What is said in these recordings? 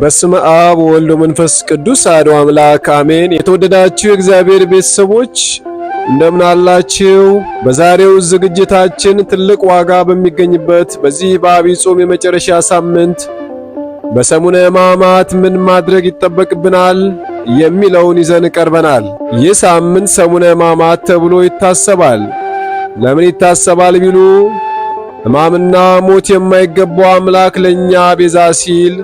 በስመ አብ ወወልድ ወመንፈስ ቅዱስ አሐዱ አምላክ አሜን። የተወደዳችሁ የእግዚአብሔር ቤተሰቦች እንደምን አላችሁ? በዛሬው ዝግጅታችን ትልቅ ዋጋ በሚገኝበት በዚህ በዐቢይ ጾም የመጨረሻ ሳምንት በሰሙነ ሕማማት ምን ማድረግ ይጠበቅብናል የሚለውን ይዘን ቀርበናል። ይህ ሳምንት ሰሙነ ሕማማት ተብሎ ይታሰባል። ለምን ይታሰባል ቢሉ ሕማምና ሞት የማይገባው አምላክ ለኛ ቤዛ ሲል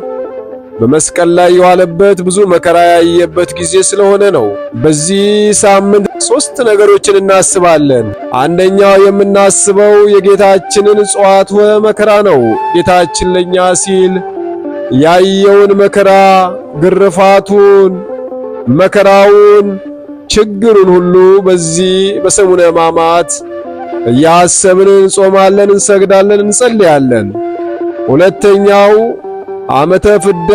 በመስቀል ላይ የዋለበት ብዙ መከራ ያየበት ጊዜ ስለሆነ ነው። በዚህ ሳምንት ሶስት ነገሮችን እናስባለን። አንደኛው የምናስበው የጌታችንን ጽዋትወ መከራ ነው። ጌታችን ለኛ ሲል ያየውን መከራ፣ ግርፋቱን፣ መከራውን፣ ችግሩን ሁሉ በዚህ በሰሙነ ሕማማት እያሰብን እንጾማለን፣ እንሰግዳለን፣ እንጸልያለን። ሁለተኛው ዓመተ ፍዳ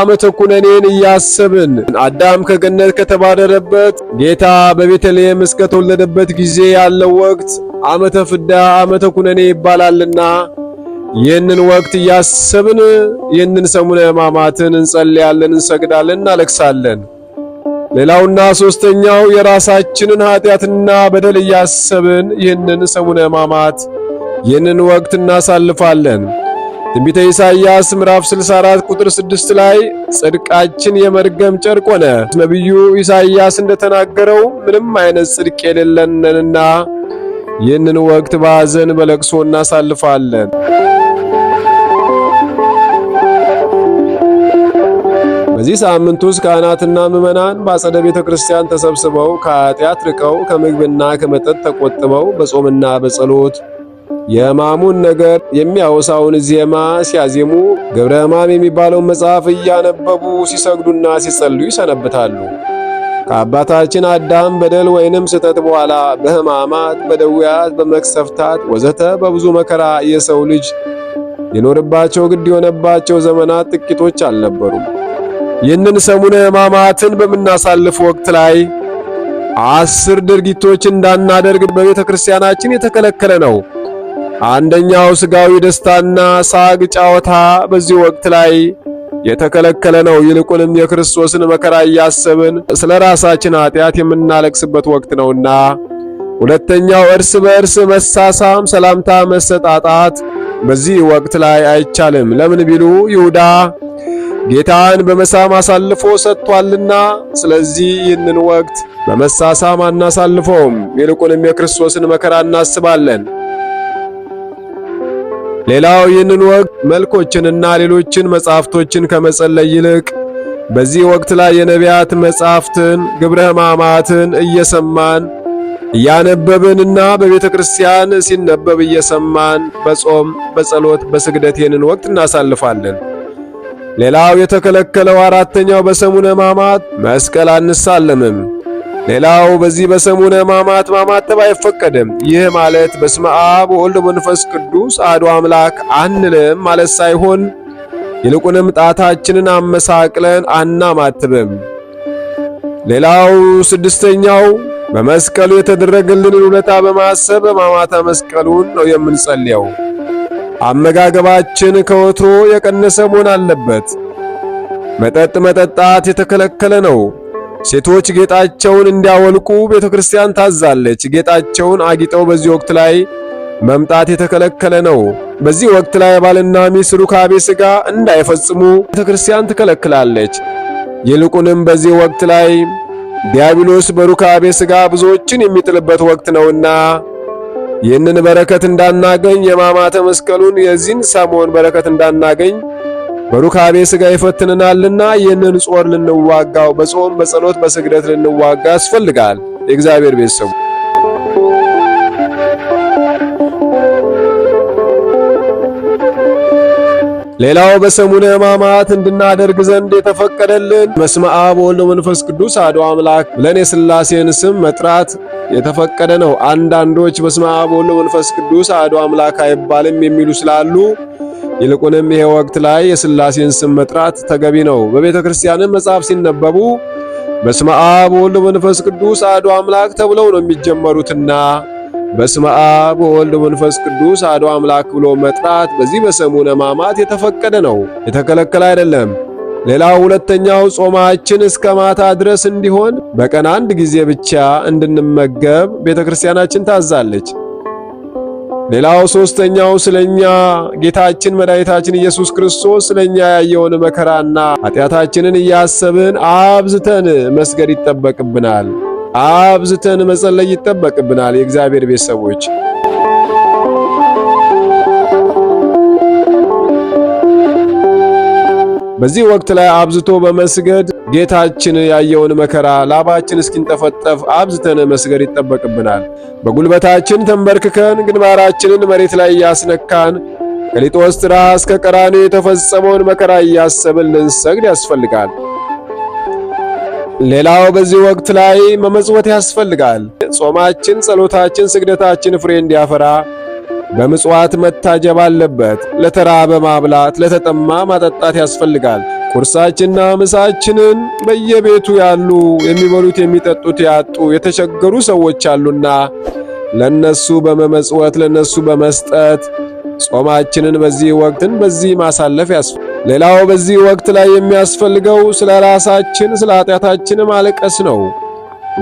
ዓመተ ኩነኔን እያሰብን አዳም ከገነት ከተባረረበት ጌታ በቤተልሔም እስከተወለደበት ጊዜ ያለው ወቅት ዓመተ ፍዳ ዓመተ ኩነኔ ይባላልና ይህንን ወቅት እያሰብን ይህንን ሰሙነ ሕማማትን እንጸልያለን፣ እንሰግዳለን፣ እናለቅሳለን። ሌላውና ሦስተኛው የራሳችንን ኀጢአትና በደል እያሰብን ይህንን ሰሙነ ሕማማት ይህንን ወቅት እናሳልፋለን። ትንቢተ ኢሳይያስ ምዕራፍ 64 ቁጥር 6 ላይ ጽድቃችን የመርገም ጨርቅ ሆነ፣ ነቢዩ ኢሳይያስ እንደተናገረው ምንም አይነት ጽድቅ የሌለንና ይህንን ወቅት በሐዘን በለቅሶ እናሳልፋለን። በዚህ ሳምንት ውስጥ ካህናትና ምዕመናን በአጸደ ቤተ ክርስቲያን ተሰብስበው ከኃጢአት ርቀው ከምግብና ከመጠጥ ተቆጥበው በጾምና በጸሎት የሕማሙን ነገር የሚያወሳውን ዜማ ሲያዜሙ ገብረ ሕማም የሚባለውን መጽሐፍ እያነበቡ ሲሰግዱና ሲጸልዩ ይሰነብታሉ። ከአባታችን አዳም በደል ወይንም ስህተት በኋላ በሕማማት፣ በደዌያት፣ በመክሰፍታት ወዘተ በብዙ መከራ የሰው ልጅ የኖርባቸው ግድ የሆነባቸው ዘመናት ጥቂቶች አልነበሩም። ይህንን ሰሙነ ሕማማትን በምናሳልፍ ወቅት ላይ አስር ድርጊቶች እንዳናደርግ በቤተ ክርስቲያናችን የተከለከለ ነው። አንደኛው ስጋዊ ደስታና ሳግ፣ ጫወታ በዚህ ወቅት ላይ የተከለከለ ነው። ይልቁንም የክርስቶስን መከራ እያሰብን ስለ ራሳችን ኃጢአት የምናለቅስበት ወቅት ነውና። ሁለተኛው እርስ በእርስ መሳሳም፣ ሰላምታ መሰጣጣት በዚህ ወቅት ላይ አይቻልም። ለምን ቢሉ ይሁዳ ጌታን በመሳም አሳልፎ ሰጥቷልና፣ ስለዚህ ይህንን ወቅት በመሳሳም አናሳልፈውም። ይልቁንም የክርስቶስን መከራ እናስባለን። ሌላው ይህንን ወቅት መልኮችንና ሌሎችን መጻሕፍቶችን ከመጸለይ ይልቅ በዚህ ወቅት ላይ የነቢያት መጻሕፍትን ግብረ ሕማማትን እየሰማን እያነበብንና በቤተ ክርስቲያን ሲነበብ እየሰማን በጾም በጸሎት በስግደት ይህንን ወቅት እናሳልፋለን። ሌላው የተከለከለው አራተኛው በሰሙነ ሕማማት መስቀል አንሳለምም። ሌላው በዚህ በሰሙነ ሕማማት ማማተብ አይፈቀድም። ይህ ማለት በስመ አብ ወወልድ ወመንፈስ ቅዱስ አሐዱ አምላክ አንልም ማለት ሳይሆን ይልቁንም ጣታችንን አመሳቅለን አናማትብም። ሌላው ስድስተኛው በመስቀሉ የተደረገልንን ውለታ በማሰብ ማማታ መስቀሉን ነው የምንጸልየው። አመጋገባችን ከወትሮ የቀነሰ መሆን አለበት። መጠጥ መጠጣት የተከለከለ ነው። ሴቶች ጌጣቸውን እንዲያወልቁ ቤተ ክርስቲያን ታዛለች። ጌጣቸውን አጊጠው በዚህ ወቅት ላይ መምጣት የተከለከለ ነው። በዚህ ወቅት ላይ ባልና ሚስት ሩካቤ ሥጋ እንዳይፈጽሙ ቤተ ክርስቲያን ትከለክላለች። ይልቁንም በዚህ ወቅት ላይ ዲያብሎስ በሩካቤ ሥጋ ብዙዎችን የሚጥልበት ወቅት ነውና ይህንን በረከት እንዳናገኝ የሕማማተ መስቀሉን የዚህን ሰሞን በረከት እንዳናገኝ በሩካቤ ሥጋ ይፈትንናልና ይህንን ጾር ልንዋጋው በጾም በጸሎት በስግደት ልንዋጋ ያስፈልጋል። የእግዚአብሔር ቤተሰቡ ሌላው በሰሙነ ሕማማት እንድናደርግ ዘንድ የተፈቀደልን በስመ አብ ወወልድ ወመንፈስ ቅዱስ አሐዱ አምላክ ብለን የሥላሴን ስም መጥራት የተፈቀደ ነው። አንዳንዶች በስመ አብ ወወልድ ወመንፈስ ቅዱስ አሐዱ አምላክ አይባልም የሚሉ ስላሉ ይልቁንም ይሄ ወቅት ላይ የሥላሴን ስም መጥራት ተገቢ ነው። በቤተ ክርስቲያንም መጽሐፍ ሲነበቡ በስመ አብ ወወልድ መንፈስ ቅዱስ አሐዱ አምላክ ተብለው ነው የሚጀመሩትና በስመ አብ ወወልድ መንፈስ ቅዱስ አሐዱ አምላክ ብሎ መጥራት በዚህ በሰሙነ ሕማማት የተፈቀደ ነው፣ የተከለከለ አይደለም። ሌላው ሁለተኛው ጾማችን እስከ ማታ ድረስ እንዲሆን በቀን አንድ ጊዜ ብቻ እንድንመገብ ቤተክርስቲያናችን ታዛለች። ሌላው ሶስተኛው ስለኛ ጌታችን መድኃኒታችን ኢየሱስ ክርስቶስ ስለኛ ያየውን መከራና ኃጢአታችንን እያሰብን አብዝተን መስገድ ይጠበቅብናል። አብዝተን መጸለይ ይጠበቅብናል። የእግዚአብሔር ቤተሰቦች በዚህ ወቅት ላይ አብዝቶ በመስገድ ጌታችን ያየውን መከራ ላባችን እስኪንጠፈጠፍ አብዝተን መስገድ ይጠበቅብናል። በጉልበታችን ተንበርክከን ግንባራችንን መሬት ላይ እያስነካን ከሊጦስትራ እስከ ቀራኔ የተፈጸመውን መከራ እያሰብን ልንሰግድ ያስፈልጋል። ሌላው በዚህ ወቅት ላይ መመጽወት ያስፈልጋል። ጾማችን፣ ጸሎታችን፣ ስግደታችን ፍሬ እንዲያፈራ በምጽዋት መታጀብ አለበት። ለተራበ ማብላት፣ ለተጠማ ማጠጣት ያስፈልጋል። ቁርሳችንና ምሳችንን በየቤቱ ያሉ የሚበሉት የሚጠጡት ያጡ የተቸገሩ ሰዎች አሉና ለነሱ በመመጽወት ለነሱ በመስጠት ጾማችንን በዚህ ወቅትን በዚህ ማሳለፍ ያስፈልጋል። ሌላው በዚህ ወቅት ላይ የሚያስፈልገው ስለ ራሳችን ስለ ኃጢአታችን ማለቀስ ነው።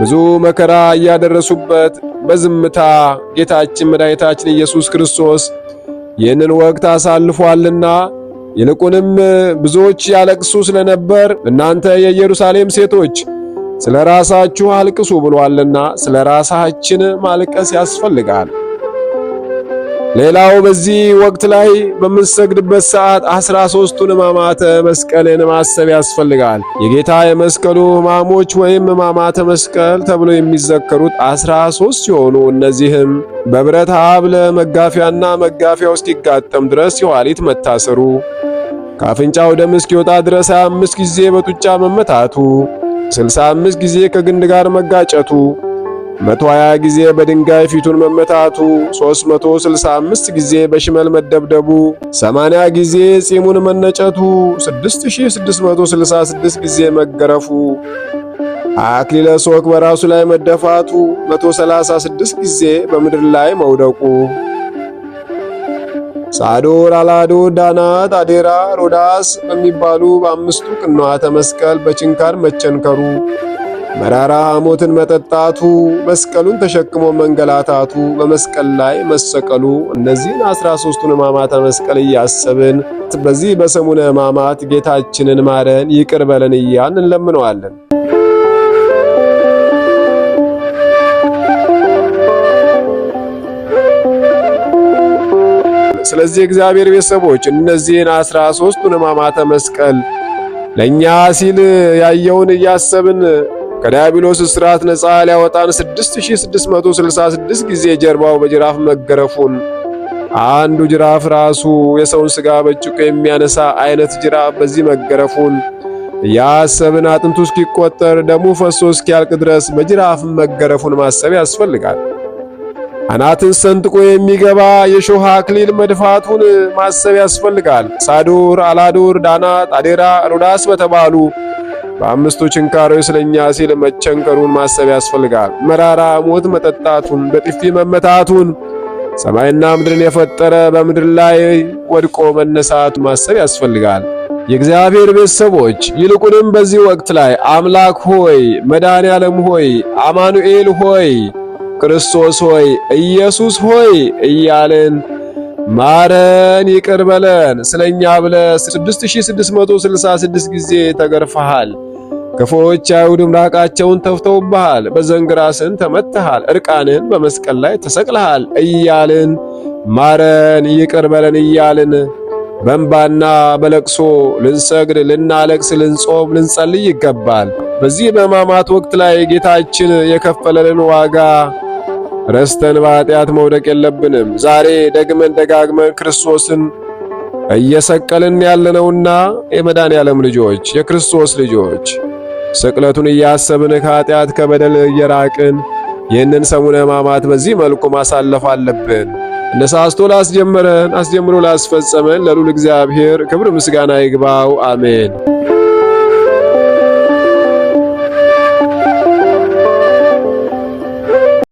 ብዙ መከራ እያደረሱበት በዝምታ ጌታችን መድኃኒታችን ኢየሱስ ክርስቶስ ይህንን ወቅት አሳልፏልና ይልቁንም ብዙዎች ያለቅሱ ስለነበር እናንተ የኢየሩሳሌም ሴቶች ስለ ራሳችሁ አልቅሱ ብሏልና ስለ ራሳችን ማልቀስ ያስፈልጋል። ሌላው በዚህ ወቅት ላይ በምንሰግድበት ሰዓት አስራ ሦስቱን ሕማማተ መስቀልን ማሰብ ያስፈልጋል። የጌታ የመስቀሉ ሕማሞች ወይም ሕማማተ መስቀል ተብሎ የሚዘከሩት አስራ ሦስት ሲሆኑ እነዚህም በብረት ሐብል መጋፊያና መጋፊያው እስኪጋጠም ድረስ የኋሊት መታሰሩ፣ ከአፍንጫው ደም እስኪወጣ ድረስ 25 ጊዜ በጡጫ መመታቱ፣ 65 ጊዜ ከግንድ ጋር መጋጨቱ 120 ጊዜ በድንጋይ ፊቱን መመታቱ፣ 365 ጊዜ በሽመል መደብደቡ፣ 80 ጊዜ ጺሙን መነጨቱ፣ 6666 ጊዜ መገረፉ፣ አክሊለ ሦክ በራሱ ላይ መደፋቱ፣ 136 ጊዜ በምድር ላይ መውደቁ፣ ሳዶር፣ አላዶ፣ ዳናት፣ አዴራ፣ ሮዳስ በሚባሉ በአምስቱ ቅንዋተ መስቀል በጭንካር መቸንከሩ መራራ ሞትን መጠጣቱ፣ መስቀሉን ተሸክሞ መንገላታቱ፣ በመስቀል ላይ መሰቀሉ፣ እነዚህን አስራ ሦስቱን ሕማማተ መስቀል እያሰብን በዚህ በሰሙነ ሕማማት ጌታችንን ማረን ይቅር በለን እያን እንለምነዋለን። ስለዚህ እግዚአብሔር ቤተሰቦች እነዚህን አስራ ሦስቱን ሕማማተ መስቀል ለእኛ ሲል ያየውን እያሰብን ከዲያብሎስ እስራት ነፃ ሊያወጣን 6666 ጊዜ ጀርባው በጅራፍ መገረፉን አንዱ ጅራፍ ራሱ የሰውን ሥጋ በጭቆ የሚያነሳ አይነት ጅራፍ በዚህ መገረፉን ያሰብን አጥንቱ እስኪቆጠር ደሙ ፈሶ እስኪያልቅ ድረስ በጅራፍ መገረፉን ማሰብ ያስፈልጋል። አናትን ሰንጥቆ የሚገባ የሾህ አክሊል መድፋቱን ማሰብ ያስፈልጋል። ሳዶር፣ አላዶር፣ ዳናት፣ አዴራ፣ ሮዳስ በተባሉ በአምስቱ ችንካሮች ስለኛ ሲል መቸንከሩን ማሰብ ያስፈልጋል። መራራ ሞት መጠጣቱን፣ በጥፊ መመታቱን፣ ሰማይና ምድርን የፈጠረ በምድር ላይ ወድቆ መነሳቱ ማሰብ ያስፈልጋል። የእግዚአብሔር ቤተሰቦች ይልቁንም በዚህ ወቅት ላይ አምላክ ሆይ፣ መድኃኔ ዓለም ሆይ፣ አማኑኤል ሆይ፣ ክርስቶስ ሆይ፣ ኢየሱስ ሆይ እያልን ማረን ይቅር በለን ስለኛ ብለ 6666 ጊዜ ተገርፈሃል። ክፉዎች አይሁድም ምራቃቸውን ተፍተውብሃል፣ በዘንግራስን ተመትሃል፣ እርቃንን በመስቀል ላይ ተሰቅለሃል እያልን ማረን ይቅር በለን እያልን በእንባና በለቅሶ ልንሰግድ፣ ልናለቅስ፣ ልንጾም፣ ልንጸልይ ይገባል። በዚህ በሕማማት ወቅት ላይ ጌታችን የከፈለልን ዋጋ ረስተን በኃጢአት መውደቅ የለብንም። ዛሬ ደግመን ደጋግመን ክርስቶስን እየሰቀልን ያለነውና የመዳን ያለም ልጆች የክርስቶስ ልጆች ስቅለቱን እያሰብን ከኃጢአት ከበደል እየራቅን ይህንን ሰሙነ ሕማማት በዚህ መልኩ ማሳለፍ አለብን። ነሳስቶ ላስጀመረን አስጀምሮ ላስፈጸመን ለልዑል እግዚአብሔር ክብር ምስጋና ይግባው። አሜን።